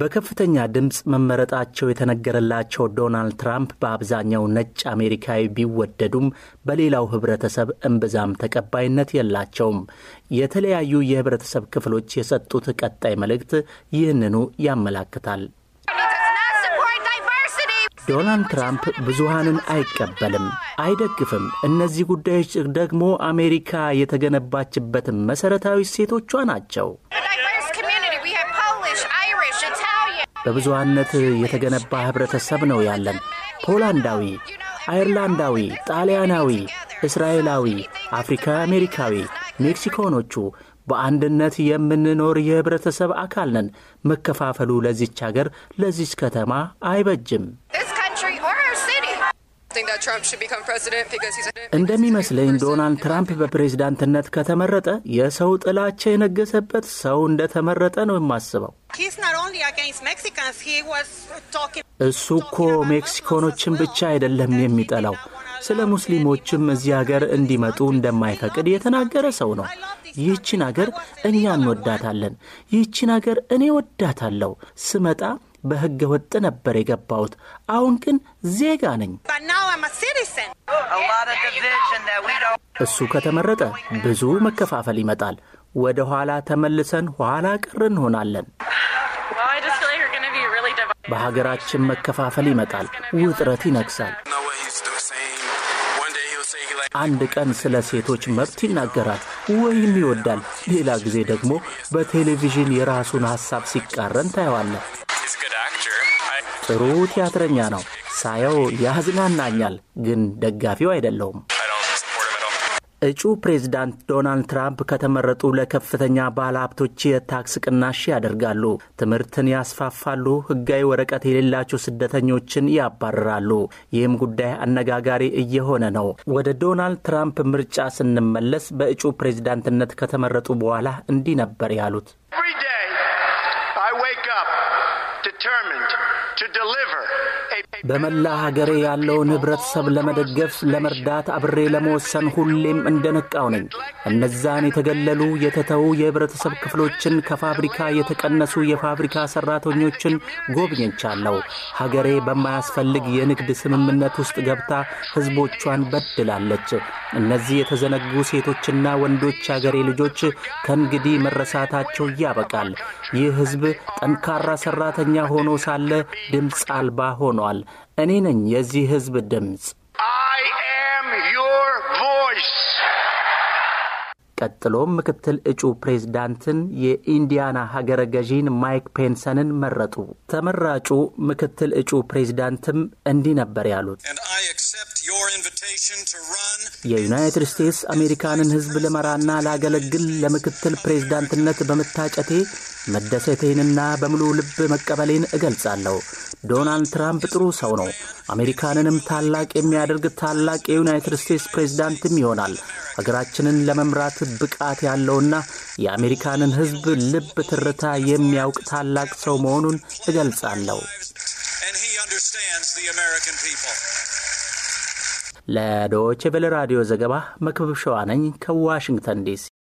በከፍተኛ ድምፅ መመረጣቸው የተነገረላቸው ዶናልድ ትራምፕ በአብዛኛው ነጭ አሜሪካዊ ቢወደዱም በሌላው ህብረተሰብ እምብዛም ተቀባይነት የላቸውም። የተለያዩ የህብረተሰብ ክፍሎች የሰጡት ቀጣይ መልእክት ይህንኑ ያመላክታል። ዶናልድ ትራምፕ ብዙሃንን አይቀበልም፣ አይደግፍም። እነዚህ ጉዳዮች ደግሞ አሜሪካ የተገነባችበት መሠረታዊ ሴቶቿ ናቸው። በብዙሃነት የተገነባ ኅብረተሰብ ነው ያለን። ፖላንዳዊ፣ አይርላንዳዊ፣ ጣሊያናዊ፣ እስራኤላዊ፣ አፍሪካ አሜሪካዊ፣ ሜክሲኮኖቹ በአንድነት የምንኖር የኅብረተሰብ አካል ነን። መከፋፈሉ ለዚች አገር ለዚች ከተማ አይበጅም። እንደሚመስለኝ ዶናልድ ትራምፕ በፕሬዝዳንትነት ከተመረጠ የሰው ጥላቻ የነገሰበት ሰው እንደተመረጠ ነው የማስበው። እሱ እኮ ሜክሲኮኖችን ብቻ አይደለም የሚጠላው፣ ስለ ሙስሊሞችም እዚህ አገር እንዲመጡ እንደማይፈቅድ የተናገረ ሰው ነው። ይህችን አገር እኛ እንወዳታለን። ይህችን አገር እኔ ወዳታለሁ። ስመጣ በሕገ ወጥ ነበር የገባሁት። አሁን ግን ዜጋ ነኝ። እሱ ከተመረጠ ብዙ መከፋፈል ይመጣል። ወደ ኋላ ተመልሰን ኋላ ቀር እንሆናለን። በሀገራችን መከፋፈል ይመጣል፣ ውጥረት ይነግሳል። አንድ ቀን ስለ ሴቶች መብት ይናገራል ወይም ይወዳል። ሌላ ጊዜ ደግሞ በቴሌቪዥን የራሱን ሐሳብ ሲቃረን ታየዋለህ። ጥሩ ቲያትረኛ ነው። ሳየው ያዝናናኛል፣ ግን ደጋፊው አይደለውም። እጩ ፕሬዝዳንት ዶናልድ ትራምፕ ከተመረጡ ለከፍተኛ ባለ ሀብቶች የታክስ ቅናሽ ያደርጋሉ፣ ትምህርትን ያስፋፋሉ፣ ህጋዊ ወረቀት የሌላቸው ስደተኞችን ያባርራሉ። ይህም ጉዳይ አነጋጋሪ እየሆነ ነው። ወደ ዶናልድ ትራምፕ ምርጫ ስንመለስ በእጩ ፕሬዝዳንትነት ከተመረጡ በኋላ እንዲህ ነበር ያሉት በመላ ሀገሬ ያለውን ህብረተሰብ ለመደገፍ ለመርዳት አብሬ ለመወሰን ሁሌም እንደነቃው ነኝ። እነዛን የተገለሉ የተተዉ የህብረተሰብ ክፍሎችን ከፋብሪካ የተቀነሱ የፋብሪካ ሠራተኞችን ጎብኝቻለሁ። ሀገሬ በማያስፈልግ የንግድ ስምምነት ውስጥ ገብታ ህዝቦቿን በድላለች። እነዚህ የተዘነጉ ሴቶችና ወንዶች ሀገሬ ልጆች ከእንግዲህ መረሳታቸው ያበቃል። ይህ ህዝብ ጠንካራ ሠራተኛ ሆኖ ሳለ ድምፅ አልባ ሆኗል። እኔ ነኝ የዚህ ሕዝብ ድምፅ። ቀጥሎም ምክትል እጩ ፕሬዝዳንትን የኢንዲያና ሀገረ ገዢን ማይክ ፔንሰንን መረጡ። ተመራጩ ምክትል እጩ ፕሬዝዳንትም እንዲህ ነበር ያሉት። የዩናይትድ ስቴትስ አሜሪካንን ሕዝብ ልመራና ላገለግል ለምክትል ፕሬዝዳንትነት በመታጨቴ መደሰቴንና በሙሉ ልብ መቀበሌን እገልጻለሁ። ዶናልድ ትራምፕ ጥሩ ሰው ነው። አሜሪካንንም ታላቅ የሚያደርግ ታላቅ የዩናይትድ ስቴትስ ፕሬዝዳንትም ይሆናል። ሀገራችንን ለመምራት ብቃት ያለውና የአሜሪካንን ሕዝብ ልብ ትርታ የሚያውቅ ታላቅ ሰው መሆኑን እገልጻለሁ። ለዶቼ ቬለ ራዲዮ ዘገባ መክብብ ሸዋነኝ ከዋሽንግተን ዲሲ